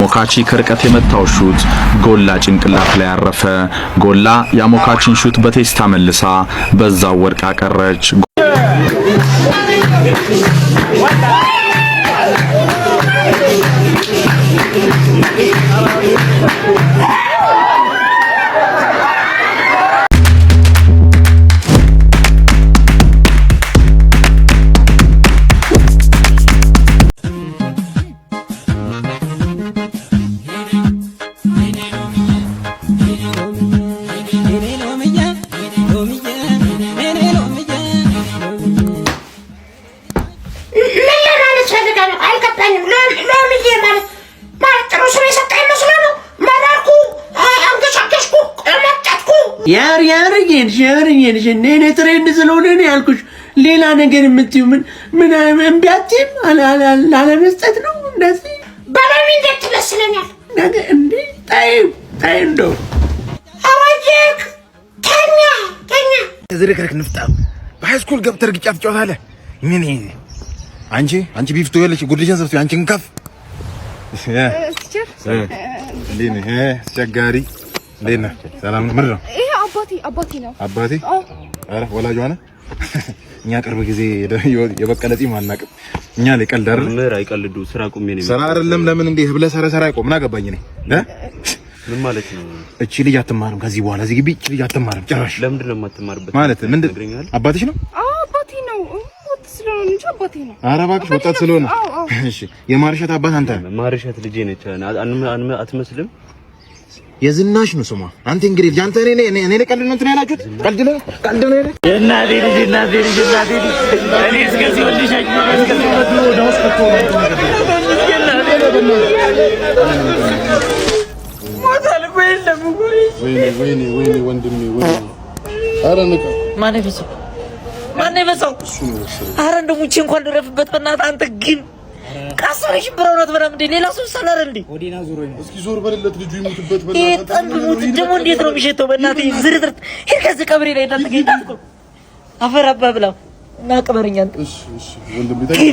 ሞካቺ ከርቀት የመታው ሹት ጎላ ጭንቅላት ላይ አረፈ። ጎላ የሞካቺን ሹት በቴስታ መልሳ በዛው ወድቃ ቀረች። ሌላ ነገር የምትዩ ምን ምን እምቢያቲም ላለመስጠት ነው እንደዚህ በለም ትመስለኛል ይመስለኛል ነገ እንዲ ታይ ታይ እንደው አዋጅክ ተኛ ተኛ ዝርክርክ ንፍጣ በሃይስኩል ገብተህ እርግጫ ትጫወታለህ። ምን አንቺ አንቺ ቢፍቶ ያለሽ ጉድሽን ሰብስቢ አንቺን ከፍ አስቸጋሪ እንዴት ነህ? ሰላም ነው። ምንድን ነው ይሄ? አባቴ አባቴ ነው። አባቴ ኧረ ወላጅ ሆነ እኛ ቅርብ ጊዜ የበቀለ ጺም አናውቅም። እኛ ላይ ቀልድ አይደለም። ምር አይቀልዱ ስራ ቁሜ ነው ስራ አይደለም። ለምን እንዴ ብለህ ሰራ ሰራ አይቆም። ምን አገባኝ እ ምን ማለት ነው? እቺ ልጅ አትማርም ከዚህ በኋላ እዚህ ግቢ። እቺ ልጅ አትማርም ጭራሽ። ለምንድን ነው የማትማርበት ማለት ምን ነው? አባትሽ ነው? አዎ አባቴ ነው። ወጥ ስለሆነ እንጂ አባቴ ነው። ኧረ እባክሽ ወጣት ስለሆነ። እሺ የማርሸት አባት አንተ ማርሸት ልጄ ነች። አትመስልም የዝናሽ ነው ስሟ። አንተ እንግዲህ አንተ እኔ እኔ እኔ ቀልድ ነው እንትን ያላችሁት ቀልድ ነው ቀልድ ነው። እናቴ ልጅ እናቴ ልጅ እናቴ ልጅ እኔ እስከዚህ ወልሻችሁ ወይኔ ወይኔ ወንድሜ፣ ኧረ እንደው ሙቼ እንኳን ልረፍበት። በእናትህ አንተ ግን ቀሰረሽ ብር እውነት በላ እንዴ! ሌላ ሰው ሰላር እንዴ! ወዲና ዞሮ ነው። እስኪ ዞር በልለት ልጁ ይሙትበት። በላ ይሄ ጠንብ ሙት ደግሞ እንዴት ነው የሚሸተው? በእናትህ ዝርዝርት ይሄ ከዚህ ቀብሬ ላይ እንዳትገኝ ጌታ አፈር አባ ብላው እና ቀበረኛ። እሺ እሺ ወንድም ይታይ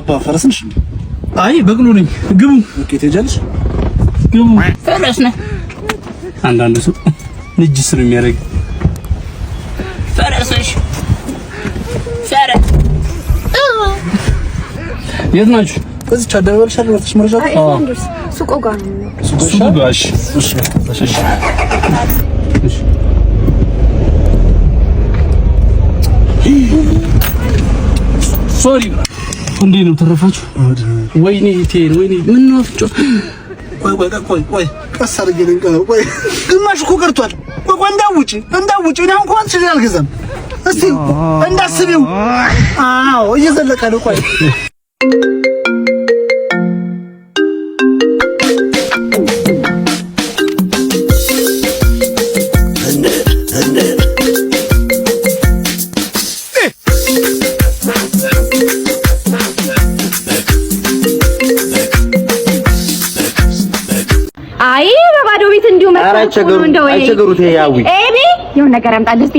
አባ ፈረስንሽ? አይ በቅሎ ነኝ። ግቡ። ኦኬ ትሄጃለሽ? ግቡ። ፈረስ ነህ? አንዳንዱ ሰው ንጅስ ነው የሚያደርግ ፈረስሽ የት ናችሁ? እዚህ አደረባል ሻል ወርተሽ መረጃ ሱቆ ጋር ሱቆ ጋር እሺ፣ እሺ፣ እሺ፣ እሺ ሶሪ እንዴት ነው ተረፋችሁ? ወይኔ ቴል ወይኔ፣ ምን ነው አፍጮ ቆይ ቆይ ቆይ ቆይ፣ ቀስ አድርጌ ልንቀረው። ቆይ ግማሽ እኮ ቀርቷል። ቆይ ቆይ፣ እንዳውጪ እንዳውጪ፣ እኔ አሁን እንኳን አልገዛም። እስቲ እንዳስቢው። አዎ እየዘለቀ ነው። ቆይ አይ በባዶ ቤት እንዲሁ መሰለኝ። እንደው አይ ችግሩ ኤቢ የሆነ ነገር አምጣልህ እስኪ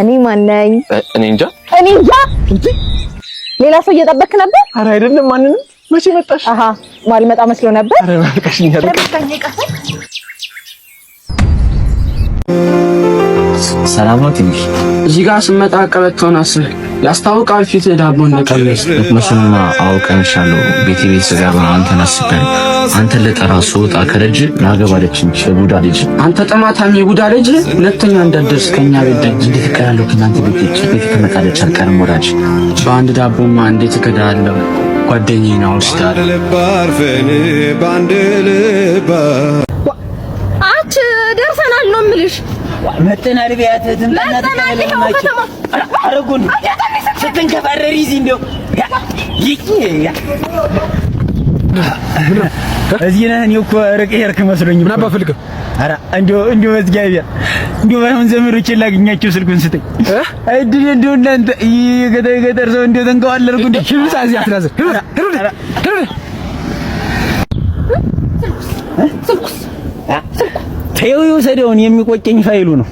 እኔ ማነኝ? እኔ እንጃ እኔ እንጃ። ሌላ ሰው እየጠበክ ነበር? ኧረ አይደለም። ማንንም መቼ መጣሽ? አሃ ማልመጣ መስሎ ነበር። ኧረ ማልቀሽኛል። ሰላም ነው። ትንሽ እዚህ ጋር ስመጣ ቀበቶን አስበህ ያስታውቃል። ፊት ዳቦ እንደቀለስ ልትመስልና አውቀንሻለሁ። ቤቴ ቤት ስገባ አንተን አስቤያለሁ። አንተን ልጠራ ስወጣ ከደጅ ላገባለችን የቡዳ ልጅ አንተ ጠማታም የቡዳ ልጅ ሁለተኛ እንዳትደርስ ከኛ ቤት ደጅ እንዴት እቀላለሁ? ከእናንተ ቤት ደጅ ቤት ትመጣለች አልቀርም ወዳጅ በአንድ ዳቦማ እንዴት እከዳለሁ? ጓደኛዬን አውስዳለሁ በአንድ ልባ አች ደርሰናል ነው የምልሽ መጠናል ቢያትህን አረጉን ስትንከባረሪ እዚህ እንደው እዚህ ነህ። እኔ እኮ ርቄ ሄድክ መስሎኝ ምን አባ ፈልገህ ኧረ እንደው እንደው መዝጋቢያ ባይሆን ዘመዶቼን ላገኛቸው ስልኩን ስጠኝ እድል እንደው እናንተ የገጠር የገጠር ሰው እንደው ተንከባለልኩ እንደ ሽብሳ እዚህ አትላዘር ስልኩስ ስልኩስ ተይው ይውሰደውን የሚቆጨኝ ፋይሉ ነው።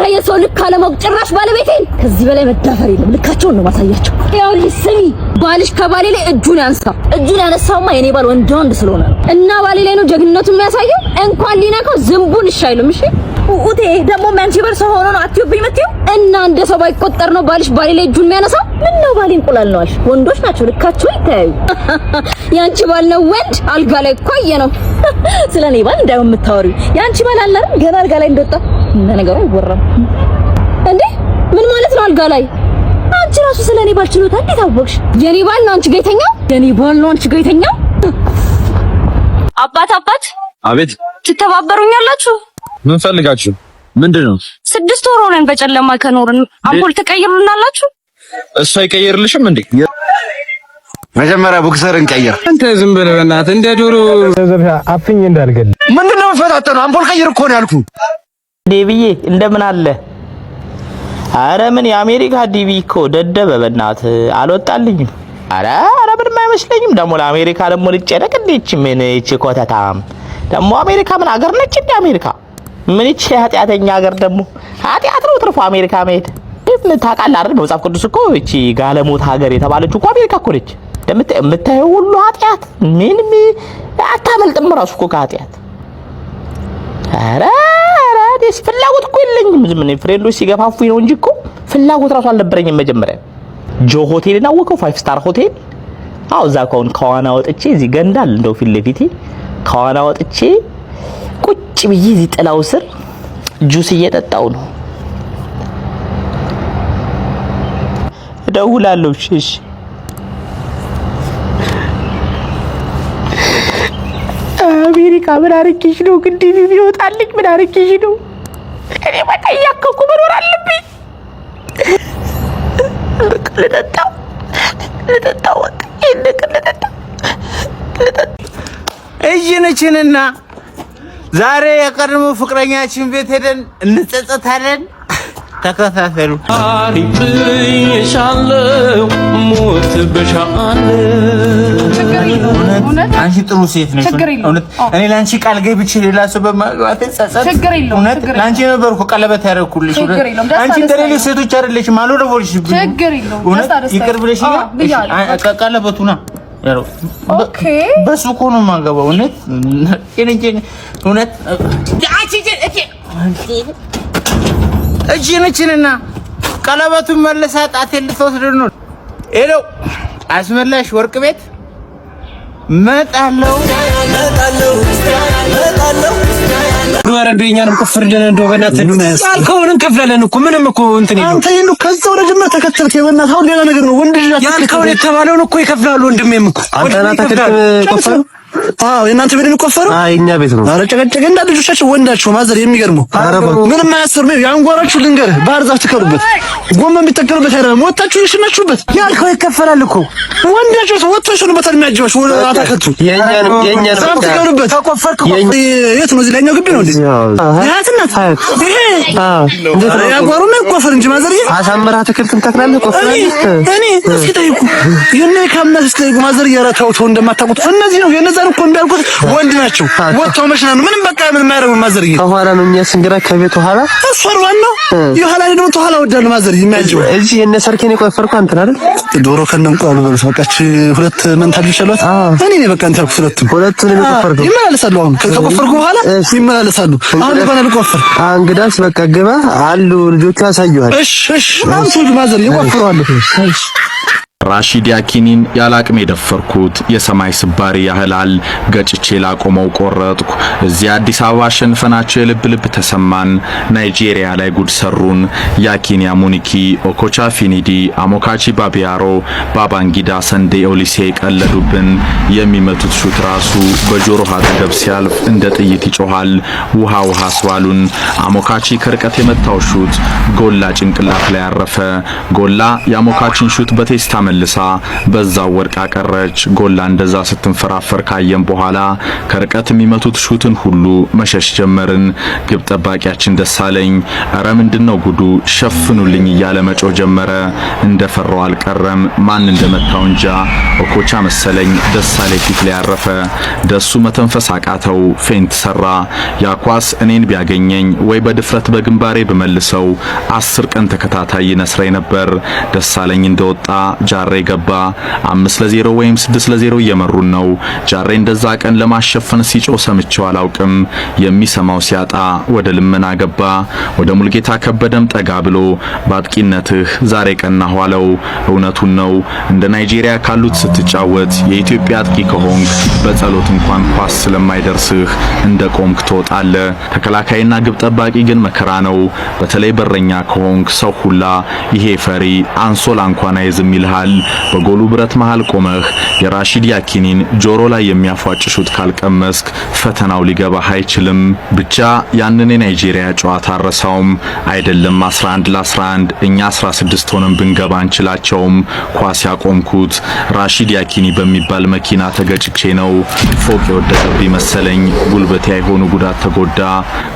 ኧረ የሰው ልክ አለማወቅ ጭራሽ ባለቤቴን ከዚህ በላይ መዳፈር የለም። ልካቸውን ነው ማሳያቸው። ይኸውልሽ ስሚ፣ ባልሽ ከባሌ ላይ እጁን ያንሳ። እጁን ያነሳውማ የኔ ባል ወንድ ወንድ ስለሆነ እና ባሌ ላይ ነው ጀግንነቱ የሚያሳየው። እንኳን ሊነካው ዝንቡን እሺ እሺ ኡቴ ደግሞ ማንቺበር ሰው ሆኖ ነው አትዩብኝ የምትይው እና እንደ ሰው ባይቆጠር ነው ባልሽ ባሌ ላይ እጁን የሚያነሳው። ምን ነው ባሌ እንቁላል ነው አልሽ? ወንዶች ናቸው ልካቸው ይተያዩ። ያንቺ ባል ነው ወንድ አልጋ ላይ ቆየ ነው። ስለኔ ባል እንዳው የምታወሪው ያንቺ ባል አላለም ገና አልጋ ላይ እንደወጣ ነገሩ አይወራም እንዴ? ምን ማለት ነው? አልጋ ላይ አንቺ ራሱ ስለ እኔ ባል ችሎታ እንዴት አወቅሽ? የኔ ባል ነው አንቺ ጋር የተኛው? የኔ ባል ነው አንቺ ጋር የተኛው? አባት አባት፣ አቤት። ትተባበሩኛላችሁ? ምን ፈልጋችሁ? ምንድን ነው? ስድስት ወር ሆነን በጨለማ ከኖርን አምፖል ትቀይሩልናላችሁ? እሱ አይቀይርልሽም እንዴ? መጀመሪያ ቦክሰርን ቀይር። አንተ ዝም ብለህ በእናትህ እንደ ዶሮ አፍኝ እንዳልገል ምንድን ነው የምፈታተነው? አምፖል ቀይር እኮ ነው ያልኩህ። ዴብዬ እንደምን አለ? አረ ምን የአሜሪካ ዲቪ እኮ ደደበ፣ በእናት አልወጣልኝም። አረ አረ ምንም አይመስለኝም። ደግሞ ለአሜሪካ ደግሞ ልጨነቅ እንዴች? ምን ይቺ ኮተታም ደግሞ አሜሪካ ምን አገር ነች እንዴ? አሜሪካ ምን ይቺ ኃጢአተኛ አገር ደግሞ ኃጢአት ነው ትርፎ አሜሪካ መሄድ። ታውቃለህ አይደል በመጽሐፍ ቅዱስ እኮ እቺ ጋለሞት ሀገር የተባለች እኮ አሜሪካ እኮ ነች። የምታየው ሁሉ ኃጢአት ምን አታመልጥም። ራሱ እኮ ከኃጢአት አረ ታዲያስ ፍላጎት እኮ የለኝም። ዝም ብለህ ፍሬንዶች ሲገፋፉኝ ነው እንጂ እኮ ፍላጎት ራሱ አልነበረኝም። መጀመሪያ ጆ ሆቴልን አወቀው፣ ፋይቭ ስታር ሆቴል። አዎ እዛ ከሆን ከዋና ወጥቼ እዚህ ገንዳል እንደው ፊት ለፊቴ ከዋና ወጥቼ ቁጭ ብዬ እዚህ ጥላው ስር ጁስ እየጠጣው ነው። እደውላለሁ። ሽሽ አሜሪካ ምን አርኪሽ ነው? ግንዲ ቢወጣልኝ ምን አርኪሽ ነው? እኔ መጠያከኩ መኖር አለብኝ። በቃ ልጠጣው ልጠጣው በቃ ይህን ነገር ልጠጣው እይንችንና ዛሬ የቀድሞ ፍቅረኛችን ቤት ሄደን እንጸጸታለን። ተከታተሉ። አሪፍ ጥዬሻለሁ፣ ሞት በሻአለ እውነት አንቺ ጥሩ ሴት ነሽ። እውነት እኔ ለአንቺ ቃል ገብቼ ሌላ ሰው በማግባት ጸጸት፣ እውነት ለአንቺ ነበርኩ ቀለበት ያደረኩልሽ። አንቺ እንደሌሎች ሴቶች አይደለሽም። አልወለወልሽ እውነት ይቅር ብለሽ ና በሱ እኮ ነው የማገባው። እውነት እውነት እጅን እችንና ቀለበቱን መለሳ ጣቴ ልትወስድ ነው። ሄሎ አስመላሽ ወርቅ ቤት መጣለው እንደኛንም ፍርድን እንደው በእናትህ ያልከውን እኮ ምንም እኮ እንትን ይሉ አንተ ይሉ ከዛ ወደ ተከተልክ። በእናትህ አሁን ሌላ ነገር ነው። ወንድ ልጅ ያልከውን የተባለውን እኮ ይከፍላሉ። ወንድሜም እኮ አንተ ናታ ከተቆፈረ አዎ የእናንተ ቤት የሚቆፈረው? አይ እኛ ቤት ነው። ኧረ ጨቀጨቀ እንዳ ልጆቻችሁ ወንዳችሁ ማዘር የሚገርሙ ምንም አያስርም። የአንጓራችሁ ልንገርህ፣ ባህር ዛፍ ትከሉበት፣ ጎመን ቢተከሉበት አይደለም ወጣችሁ ይሽናችሁበት። ያልከው ይከፈላል እኮ ወንዳችሁ ወጥቶ ይሽኑበታል። የሚያጅባችሁ አታከቱ የት ነው? እዚህ ግቢ ነው ያጓሩ ነው ይቆፈር እንጂ ማዘር እኔ እስኪ ጠይቁ ካምና እስኪ ጠይቁ ማዘር፣ እንደማታውቁት እነዚህ ነው የነዛ እናንተን እኮ እንዳልኩት ወንድ ናቸው። ወጥተው መሽና ነው ምንም በቃ ምን ማረው ማዘርዬ ከኋላ ነው የሚያስንግራ ከቤት ኋላ እሷን ዋናው የኋላ ደግሞ ተኋላ ወዳለሁ ማዘርዬ የሚያጅበው እዚ የነ ሰርኬን የቆፈርኩ አንተ አይደል ዶሮ ከነንቋሉ በሉት በቃች ሁለት መንታ ልጅ አሏት። እኔ ነኝ በቃ እንታልኩ ሁለቱ ሁለቱ ነው የቆፈርኩ ይመላለሳሉ። አሁን ከቆፈርኩ በኋላ ይመላለሳሉ። አሁን እንኳን ልቆፈር እንግዳስ በቃ ግባ አሉ ልጆቹ ያሳዩሃል። እሺ እሺ አንሱ ማዘርዬ ቆፍረዋለሁ ራሺድ ያኪኒን ያላቅሜ የደፈርኩት የሰማይ ስባሪ ያህላል ገጭቼ ላቆመው ቆረጥኩ። እዚያ አዲስ አበባ ሸንፈናቸው የልብ ልብ ተሰማን። ናይጄሪያ ላይ ጉድ ሰሩን። ያኪኒ አሙኒኪ፣ ኦኮቻ ፊኒዲ፣ አሞካቺ ባቢያሮ፣ ባባንጊዳ ሰንዴ ኦሊሴ ቀለዱብን። የሚመቱት ሹት ራሱ በጆሮ አጠገብ ሲያልፍ እንደ ጥይት ይጮኋል። ውሃ ውሃ አስባሉን። አሞካቺ ከርቀት የመታው ሹት ጎላ ጭንቅላት ላይ ያረፈ። ጎላ የአሞካቺን ሹት በቴስታ ተመልሳ በዛው ወድቃ ቀረች። ጎላ እንደዛ ስትንፈራፈር ካየን በኋላ ከርቀት የሚመቱት ሹትን ሁሉ መሸሽ ጀመርን። ግብ ጠባቂያችን ደሳለኝ እረ ምንድነው ጉዱ ሸፍኑልኝ እያለ መጮ ጀመረ። እንደፈራው አልቀረም። ማን እንደመታው እንጃ እኮቻ መሰለኝ ደሳለኝ ፊት ላይ ያረፈ። ደሱ መተንፈስ አቃተው። ፌንት ሰራ። ያኳስ እኔን ቢያገኘኝ ወይ በድፍረት በግንባሬ ብመልሰው አስር ቀን ተከታታይ ይነስረኝ ነበር። ደሳለኝ እንደወጣ ጃሬ ገባ። አምስት ለዜሮ ወይም ስድስት ለዜሮ እየመሩን ነው። ጃሬ እንደዛ ቀን ለማሸፈን ሲጮ ሰምቼው አላውቅም። የሚሰማው ሲያጣ ወደ ልመና ገባ። ወደ ሙልጌታ ከበደም ጠጋ ብሎ በአጥቂነትህ ዛሬ ቀናሁ አለው። እውነቱን ነው። እንደ ናይጄሪያ ካሉት ስትጫወት የኢትዮጵያ አጥቂ ከሆንክ በጸሎት እንኳን ኳስ ስለማይደርስህ እንደ ቆምክ ትወጣለ። ተከላካይና ግብ ጠባቂ ግን መከራ ነው። በተለይ በረኛ ከሆንክ ሰው ሁላ ይሄ ፈሪ አንሶላ እንኳን አይዝም ይልሃል። ያህል በጎሉ ብረት መሃል ቆመህ የራሺድ ያኪኒን ጆሮ ላይ የሚያፏጭ ሹት ካልቀመስክ ፈተናው ሊገባህ አይችልም። ብቻ ያንን የናይጄሪያ ጨዋታ አረሳውም። አይደለም 11 ለ11 እኛ 16 ሆነን ብንገባ አንችላቸውም። ኳስ ያቆምኩት ራሺድ ያኪኒ በሚባል መኪና ተገጭቼ ነው። ፎቅ የወደቀብኝ መሰለኝ። ጉልበቴ አይሆኑ ጉዳት ተጎዳ።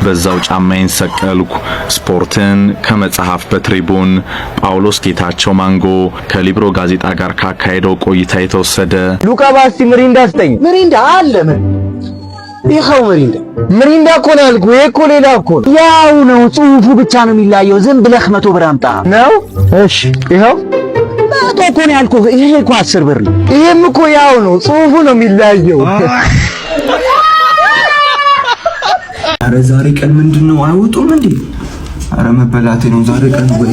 በዛው ጫማዬን ሰቀልኩ። ስፖርትን ከመጽሐፍ በትሪቡን ጳውሎስ ጌታቸው ማንጎ ከሊብሮ ጋር ጋዜጣ ጋር ካካሄደው ቆይታ የተወሰደ ሉቃ ባሲ ምሪንዳ ስጠኝ። ምሪንዳ አለ ምን? ይኸው ምሪንዳ ምሪንዳ እኮ ነው ያልኩህ። ይሄ እኮ ሌላ እኮ ነው። ያው ነው፣ ጽሁፉ ብቻ ነው የሚለየው። ዝም ብለህ መቶ ብር አምጣ ነው። እሺ ይኸው መቶ እኮ ነው ያልኩህ። ይሄ እኮ አስር ብር ነው። ይሄም እኮ ያው ነው፣ ጽሁፉ ነው የሚለየው። አረ ዛሬ ቀን ምንድነው? አይወጡም እንዴ? አረ መበላቴ ነው ዛሬ ቀን ወይ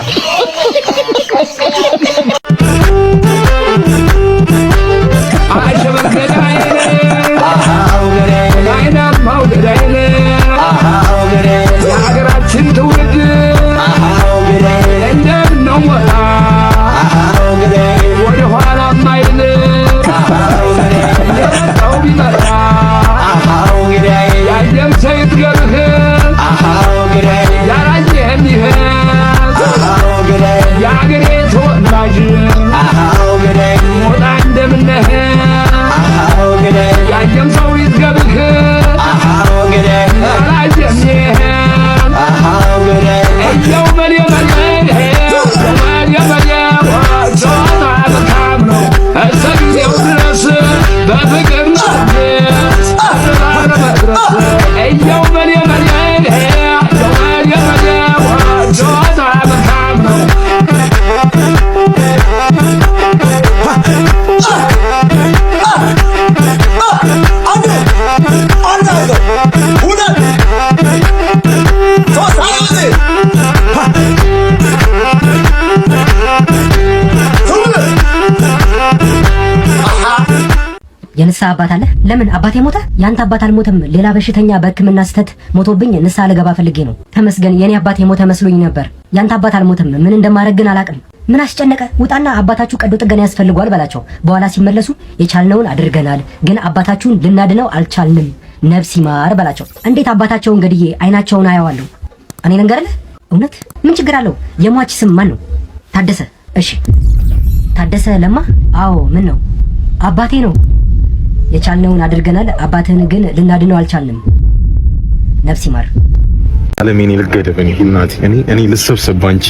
ለምን አባቴ ሞተ? ያንተ አባት አልሞተም። ሌላ በሽተኛ በህክምና ስህተት ሞቶብኝ ንስሐ ልገባ ፈልጌ ነው። ተመስገን የኔ አባቴ የሞተ መስሎኝ ነበር። ያንተ አባት አልሞተም። ምን እንደማደርግ ግን አላቅም። ምን አስጨነቀ? ውጣና አባታችሁ ቀዶ ጥገና ያስፈልጓል በላቸው። በኋላ ሲመለሱ የቻልነውን አድርገናል፣ ግን አባታችሁን ልናድነው አልቻልንም። ነፍስ ይማር በላቸው። እንዴት አባታቸውን ገድዬ አይናቸውን አየዋለሁ? እኔ ልንገርልህ እውነት ምን ችግር አለው? የሟች ስም ማን ነው? ታደሰ። እሺ ታደሰ ለማ። አዎ ምን ነው አባቴ ነው። የቻልነውን አድርገናል። አባትህን ግን ልናድነው አልቻልንም። ነፍስ ይማር። አለም እኔ ልገደብ እኔ እናቴ እኔ እኔ ልሰብሰብ ባንቺ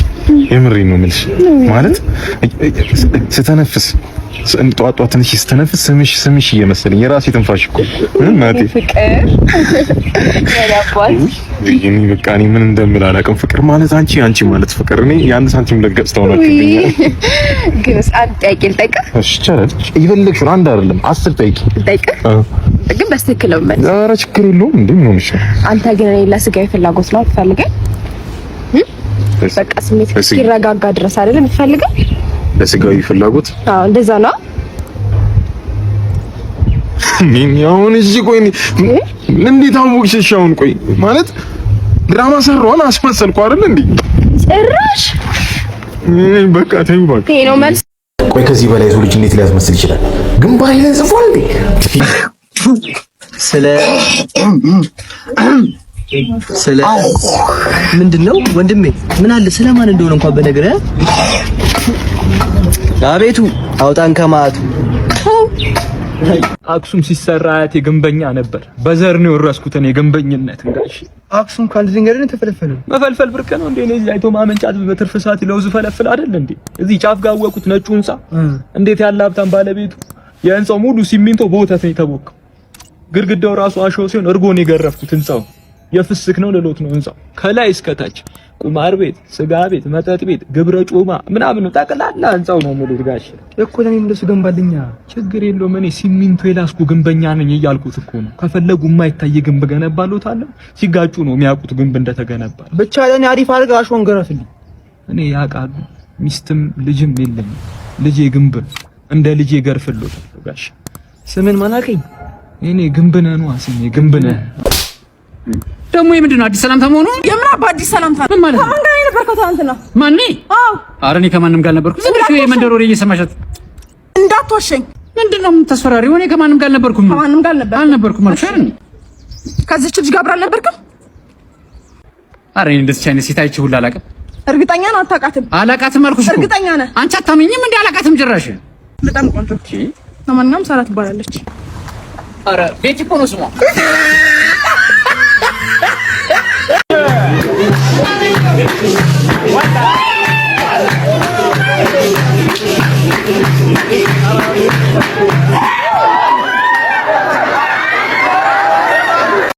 የምሬ ነው የምልሽ። ማለት ስተነፍስ ጧጧ ትንሽ ስተነፍስ ስምሽ ስምሽ እየመሰለኝ የራሴ ትንፋሽ እኮ እናቴ ፍቅር እኔ በቃ እኔ ምን እንደምል አላውቅም። ፍቅር ማለት አንቺ አንቺ ማለት ፍቅር እኔ የአንድ ሳንቲም ለገጽ ታውናችሁ። ግን አንድ ጠይቄ ልጠይቅ ይችላል። አንድ አይደለም አስር ጠይቄ ልጠይቅ ግን በስትክክል ነው። ኧረ ችግር የለውም። እንዴ ምን ሆነሽ? አንተ ግን እኔ ለስጋዊ ፍላጎት ነው አትፈልገኝ። በቃ ስሜት እስኪረጋጋ ድረስ አይደለም የምትፈልገኝ? ለስጋዊ ፍላጎት? አዎ እንደዛ ነው። ምን ያውን እሺ፣ ቆይ እንዴት አወቅሽ? እሺ አሁን ቆይ ማለት ድራማ ሰራውን አስመሰልኩ አይደል እንዴ? ጭራሽ በቃ ተይው በቃ ነው መልስ። ቆይ ከዚህ በላይ የሰው ልጅ እንዴት ሊያስመስል ይችላል? ግንባር ይዘን ጽፏል እንዴ? ስለ ስለ ምንድን ነው ወንድሜ? ምን አለ ስለማን እንደሆነ እንኳን በነገረ አቤቱ አውጣን ከማቱ አክሱም ሲሰራ አያት ግንበኛ ነበር። በዘር ነው እኔ የግንበኝነት እንዳልሽ አክሱም ካልዚ እንገረን ተፈለፈለ መፈልፈል ብርቅ ነው እንዴ? ለዚህ አይቶ ማመንጫት በትርፍ ሰዓት ለውዝ ፈለፍል አይደል እንዴ? እዚህ ጫፍ ጋር ወቁት ነጩ ህንጻ። እንዴት ያለ ሀብታም ባለቤቱ የህንጻው ሙሉ ሲሚንቶ በወተት ነው የተቦካው። ግድግዳው ራሱ አሸዋ ሲሆን እርጎን የገረፍኩት ህንጻው የፍስክ ነው ልሎት ነው ህንጻው ከላይ እስከታች ቁማር ቤት፣ ስጋ ቤት፣ መጠጥ ቤት፣ ግብረ ጮማ ምናምን ነው ጠቅላላ ህንጻው ነው ሙሉት። ጋሽ እኮ ለኔ እንደሱ ገንባልኛ ችግር የለውም። እኔ ሲሚንቶ የላስኩ ግንበኛ ነኝ እያልኩት እኮ ነው። ከፈለጉ የማይታይ ግንብ ገነባልዎታለሁ። ሲጋጩ ነው የሚያውቁት ግንብ እንደተገነባ። ብቻ ለኔ አሪፍ አድርገህ አሸዋን ገረፍልኝ። እኔ ያውቃሉ ሚስትም ልጅም የለኝም። ልጄ ግንብ እንደ ልጄ ገርፍልዎታለሁ። ጋሽ ስምን ማን እኔ ግንብነ ነው አሰኝ ግንብነ ነህ ደግሞ። የምንድን ነው አዲስ ሰላምታ መሆኑ? የምን አባ አዲስ ሰላምታ ምን ማለት ነው? ከማን ጋር የነበርከው ትናንትና? ማን ነኝ? አዎ፣ ኧረ እኔ ከማንም ጋር አልነበርኩም። ዝም ብለሽ የመንደር ወሬ እየሰማሻት እንዳትወሸኝ። ምንድን ነው የምታስፈራሪው? እኔ ከማንም ጋር አልነበርኩም፣ ከማንም ጋር አልነበርኩም አልኩሽ አይደል? ከዚህች ልጅ ጋር አብረህ አልነበርክም? ኧረ እኔ እንደዚህ አይነት ሴት አይቼ ሁላ አላውቅም። እርግጠኛ ነው አታውቃትም። አላውቃትም አልኩሽ እኮ። እርግጠኛ ነህ? አንቺ አታመኝም እንዴ? አላውቃትም ጭራሽ። በጣም ቆንጆ። ለማንኛውም ሰራ ትባላለች። Ora, 20 por um.